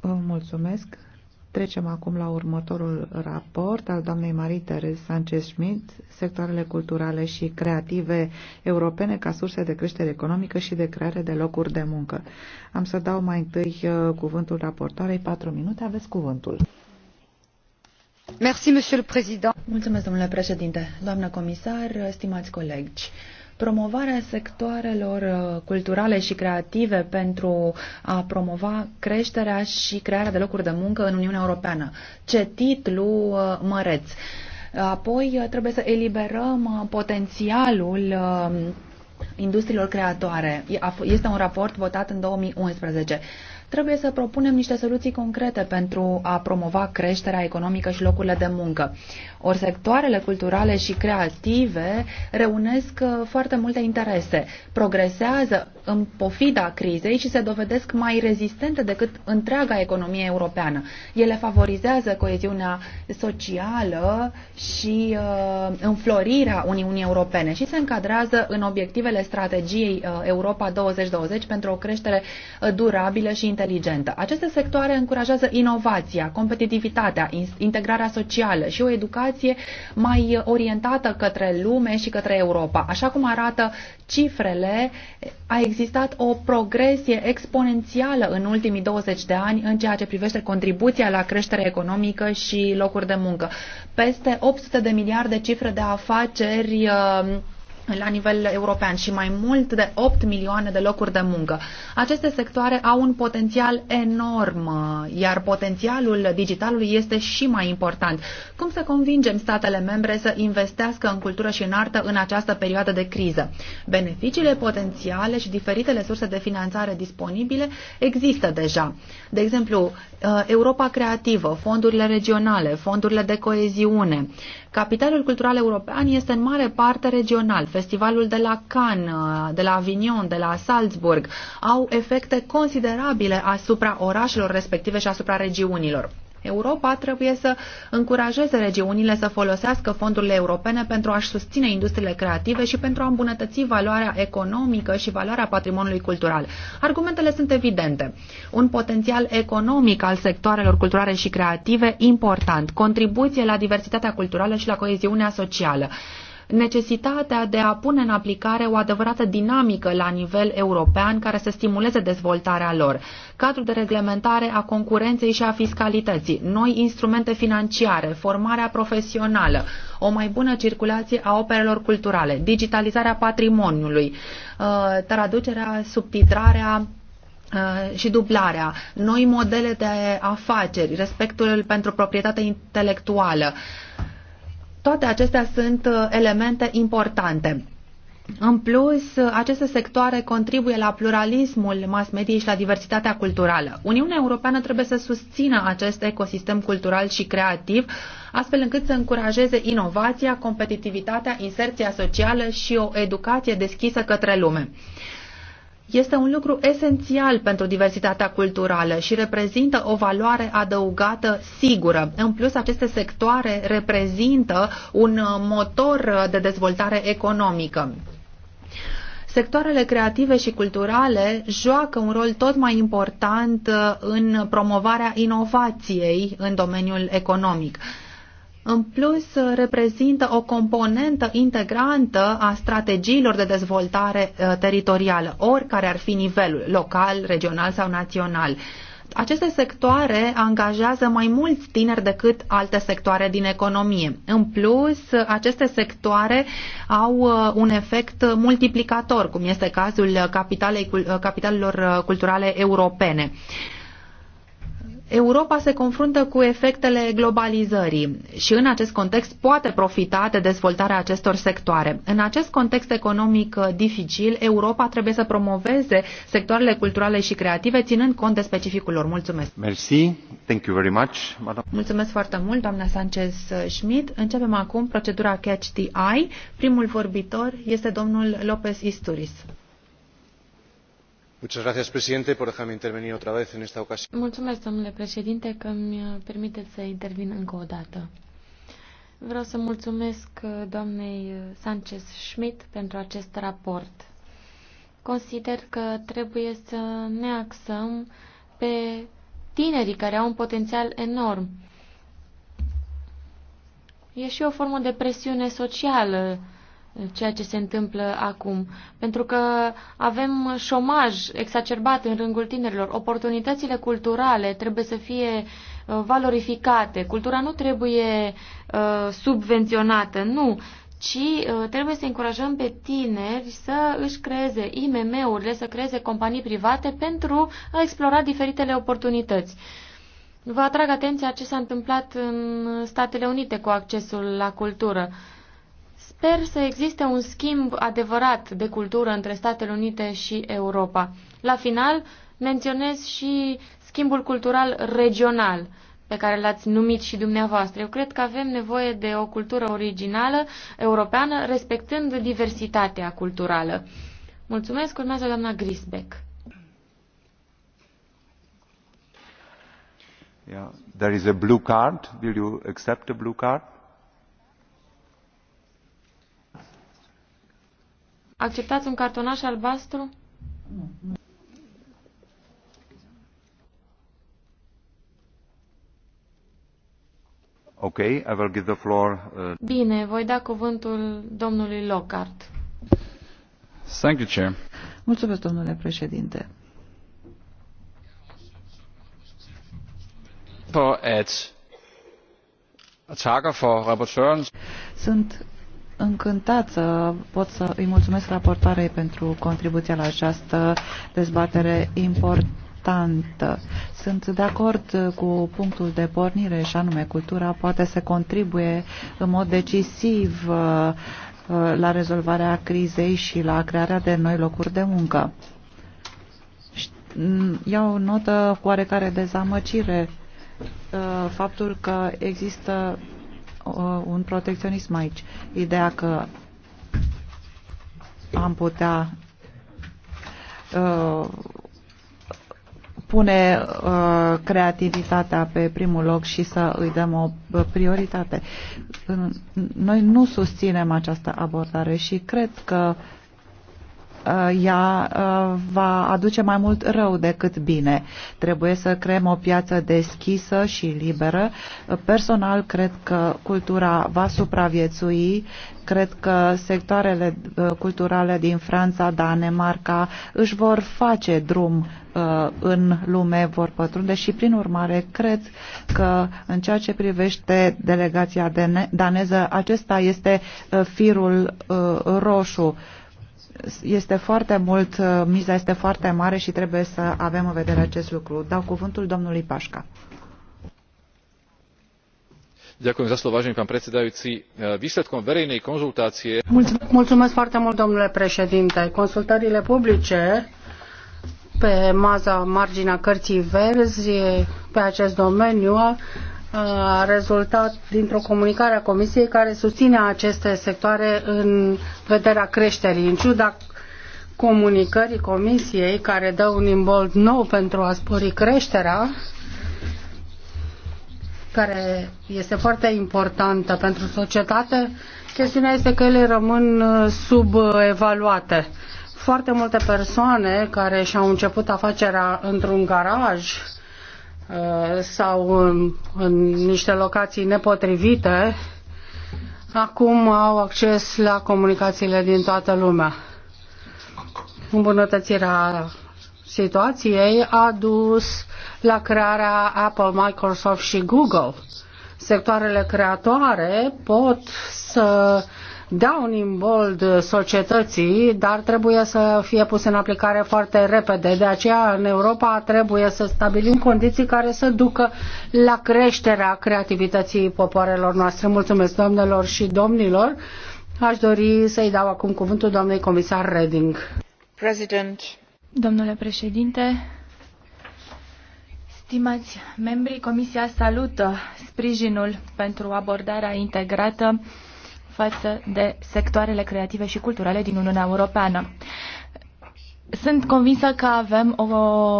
Vă mulțumesc. Trecem acum la următorul raport al doamnei Marie Terez Sanchez Schmidt, sectoarele culturale și creative europene ca surse de creștere economică și de creare de locuri de muncă. Am să dau mai întâi uh, cuvântul raportoarei. Patru minute, aveți cuvântul. Merci, Mulțumesc, domnule președinte, doamnă comisar, stimați colegi. Promovarea sectoarelor uh, culturale și creative pentru a promova creșterea și crearea de locuri de muncă în Uniunea Europeană. Ce titlu uh, măreț! Apoi uh, trebuie să eliberăm potențialul industriilor creatoare. Este un raport votat în 2011. Trebuie să propunem niște soluții concrete pentru a promova creșterea economică și locurile de muncă. Ori sectoarele culturale și creative reunesc uh, foarte multe interese, progresează în pofida crizei și se dovedesc mai rezistente decât întreaga economie europeană. Ele favorizează coeziunea socială și uh, înflorirea Uniunii Europene și se încadrează în obiectivele strategiei uh, Europa 2020 pentru o creștere uh, durabilă și inteligentă. Aceste sectoare încurajează inovația, competitivitatea, integrarea socială și o educație mai uh, orientată către lume și către Europa. Așa cum arată cifrele, a existat o progresie exponențială în ultimii 20 de ani în ceea ce privește contribuția la creștere economică și locuri de muncă. Peste 800 de miliarde cifre de afaceri uh, la nivel european și mai mult de 8 milioane de locuri de muncă. Aceste sectoare au un potențial enorm, iar potențialul digitalului este și mai important. Cum să convingem statele membre să investească în cultură și în artă în această perioadă de criză? Beneficiile potențiale și diferitele surse de finanțare disponibile există deja. De exemplu, Europa Creativă, fondurile regionale, fondurile de coeziune, Capitalul cultural european este în mare parte regional. Festivalul de la Cannes, de la Avignon, de la Salzburg au efecte considerabile asupra orașelor respective și asupra regiunilor. Europa trebuie să încurajeze regiunile să folosească fondurile europene pentru a-și susține industriile creative și pentru a îmbunătăți valoarea economică și valoarea patrimoniului cultural. Argumentele sunt evidente. Un potențial economic al sectoarelor culturale și creative important, contribuție la diversitatea culturală și la coeziunea socială necesitatea de a pune în aplicare o adevărată dinamică la nivel european care să stimuleze dezvoltarea lor, cadrul de reglementare a concurenței și a fiscalității, noi instrumente financiare, formarea profesională, o mai bună circulație a operelor culturale, digitalizarea patrimoniului, uh, traducerea, subtitrarea uh, și dublarea, noi modele de afaceri, respectul pentru proprietatea intelectuală, toate acestea sunt uh, elemente importante. În plus, uh, aceste sectoare contribuie la pluralismul mass media și la diversitatea culturală. Uniunea Europeană trebuie să susțină acest ecosistem cultural și creativ, astfel încât să încurajeze inovația, competitivitatea, inserția socială și o educație deschisă către lume este un lucru esențial pentru diversitatea culturală și reprezintă o valoare adăugată sigură. În plus, aceste sectoare reprezintă un motor de dezvoltare economică. Sectoarele creative și culturale joacă un rol tot mai important în promovarea inovației în domeniul economic în plus reprezintă o componentă integrantă a strategiilor de dezvoltare uh, teritorială, oricare ar fi nivelul, local, regional sau național. Aceste sectoare angajează mai mulți tineri decât alte sectoare din economie. În plus, aceste sectoare au uh, un efect multiplicator, cum este cazul uh, capitalelor culturale europene. Europa se confruntă cu efectele globalizării și în acest context poate profita de dezvoltarea acestor sectoare. În acest context economic uh, dificil, Europa trebuie să promoveze sectoarele culturale și creative, ținând cont de specificul lor. Mulțumesc! Merci. Thank you very much, madam. Mulțumesc foarte mult, doamna Sanchez uh, Schmidt. Începem acum procedura Catch the Eye. Primul vorbitor este domnul Lopez Isturis domnule președinte, că îmi uh, permiteți să intervin încă o dată. Vreau să mulțumesc uh, doamnei uh, Sanchez Schmidt pentru acest raport. Consider că trebuie să ne axăm pe tinerii care au un potențial enorm. E și o formă de presiune socială ceea ce se întâmplă acum. Pentru că avem șomaj exacerbat în rândul tinerilor. Oportunitățile culturale trebuie să fie uh, valorificate. Cultura nu trebuie uh, subvenționată, nu, ci uh, trebuie să încurajăm pe tineri să își creeze IMM-urile, să creeze companii private pentru a explora diferitele oportunități. Vă atrag atenția ce s-a întâmplat în Statele Unite cu accesul la cultură. Uh, Sper să existe un schimb adevărat de cultură între Statele Unite și Europa. La final, menționez și schimbul cultural regional pe care l-ați numit și dumneavoastră. Eu cred că avem nevoie de o cultură originală europeană, respectând diversitatea culturală. Mulțumesc, urmează doamna Grisbeck. Yeah. There is a blue card. Will you accept a blue card? Acceptați un cartonaș albastru? Okay, I will give the floor. Uh... Bine, voi da cuvântul domnului Lockhart. Thank you, Chair. Mulțumesc, domnule președinte. Sunt încântat să pot să îi mulțumesc raportoarei pentru contribuția la această dezbatere importantă. Sunt de acord cu punctul de pornire și anume cultura poate să contribuie în mod decisiv uh, uh, la rezolvarea crizei și la crearea de noi locuri de muncă. Mm, iau notă cu oarecare dezamăcire uh, faptul că există Uh, un protecționism aici. Ideea că am putea uh, pune uh, creativitatea pe primul loc și să îi dăm o prioritate. Noi nu susținem această abordare și cred că Uh, ea uh, va aduce mai mult rău decât bine. Trebuie să creăm o piață deschisă și liberă. Personal, cred că cultura va supraviețui. Cred că sectoarele uh, culturale din Franța, Danemarca își vor face drum în lume, vor pătrunde și, prin urmare, cred că în ceea ce privește delegația daneză, acesta este firul roșu este foarte mult, uh, miza este foarte mare și trebuie să avem în vedere acest lucru. Dau cuvântul domnului Pașca. Ďakujem za slovo, vážený pán predsedajúci. Výsledkom verejnej konzultácie... Mulțumesc foarte mult, domnule președinte. Consultările publice pe maza, marginea cărții verzi pe acest domeniu a rezultat dintr-o comunicare a Comisiei care susține aceste sectoare în vederea creșterii, în ciuda comunicării Comisiei care dă un imbold nou pentru a spori creșterea, care este foarte importantă pentru societate, chestiunea este că ele rămân uh, subevaluate. Foarte multe persoane care și-au început afacerea într-un garaj, Uh, sau în, în niște locații nepotrivite, acum au acces la comunicațiile din toată lumea. Îmbunătățirea situației a dus la crearea Apple, Microsoft și Google. Sectoarele creatoare pot să dea un imbold societății, dar trebuie să fie puse în aplicare foarte repede. De aceea, în Europa trebuie să stabilim condiții care să ducă la creșterea creativității popoarelor noastre. Mulțumesc, doamnelor și domnilor. Aș dori să-i dau acum cuvântul doamnei comisar Reding. President. Domnule președinte, stimați membri, Comisia salută sprijinul pentru abordarea integrată față de sectoarele creative și culturale din Uniunea Europeană. Sunt convinsă că avem o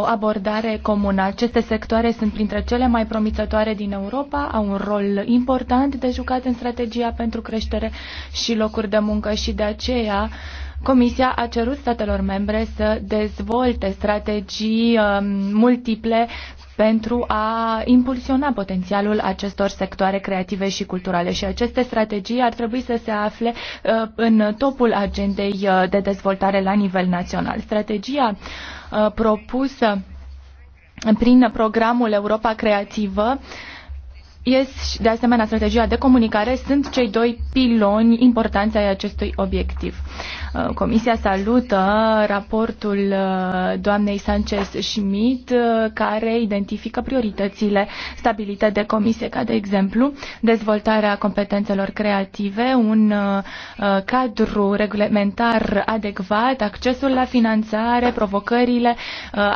abordare comună. Aceste sectoare sunt printre cele mai promițătoare din Europa, au un rol important de jucat în strategia pentru creștere și locuri de muncă și de aceea Comisia a cerut statelor membre să dezvolte strategii um, multiple pentru a impulsiona potențialul acestor sectoare creative și culturale și aceste strategii ar trebui să se afle uh, în topul agendei uh, de dezvoltare la nivel național. Strategia uh, propusă prin programul Europa Creativă uh, IES și de asemenea strategia de comunicare sunt cei doi piloni importanți ai acestui obiectiv. Uh, Comisia salută raportul uh, doamnei Sanchez-Schmidt uh, care identifică prioritățile stabilite de comisie, ca de exemplu dezvoltarea competențelor creative, un cadru reglementar adecvat, accesul la finanțare, provocările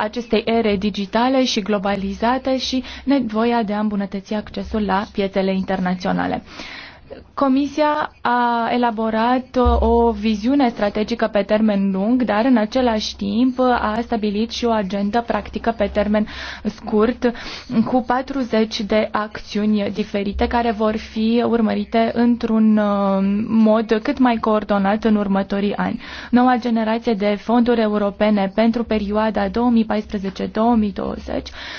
acestei ere digitale și globalizate și nevoia de a îmbunătăți accesul accesul la piețele internaționale. Comisia a elaborat uh, o viziune strategică pe termen lung, dar în același timp a stabilit și o agendă practică pe termen scurt cu 40 de acțiuni diferite care vor fi urmărite într-un uh, mod cât mai coordonat în următorii ani. Noua generație de fonduri europene pentru perioada 2014-2020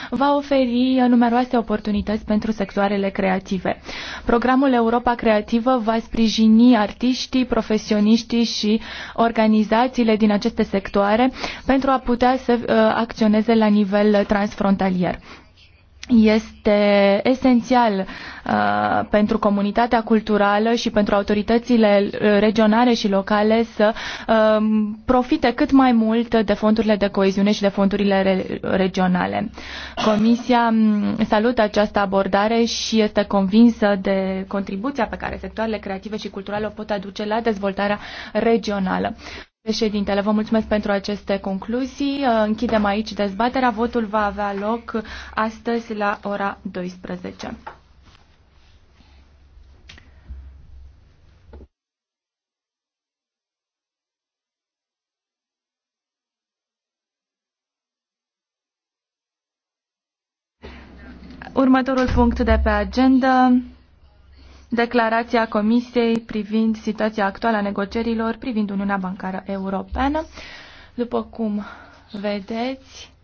va oferi numeroase oportunități pentru sectoarele creative. Programul Europa creativă va sprijini artiștii, profesioniștii și organizațiile din aceste sectoare pentru a putea să uh, acționeze la nivel transfrontalier este esențial uh, pentru comunitatea culturală și pentru autoritățile uh, regionale și locale să um, profite cât mai mult de fondurile de coeziune și de fondurile re regionale. Comisia um, salută această abordare și este convinsă de contribuția pe care sectoarele creative și culturale o pot aduce la dezvoltarea regională. Președintele, vă mulțumesc pentru aceste concluzii. Uh, închidem aici dezbaterea. Votul va avea loc astăzi la ora 12. Următorul punct de pe agenda declarația Comisiei privind situația actuală a negocierilor privind Uniunea Bancară Europeană. După cum vedeți,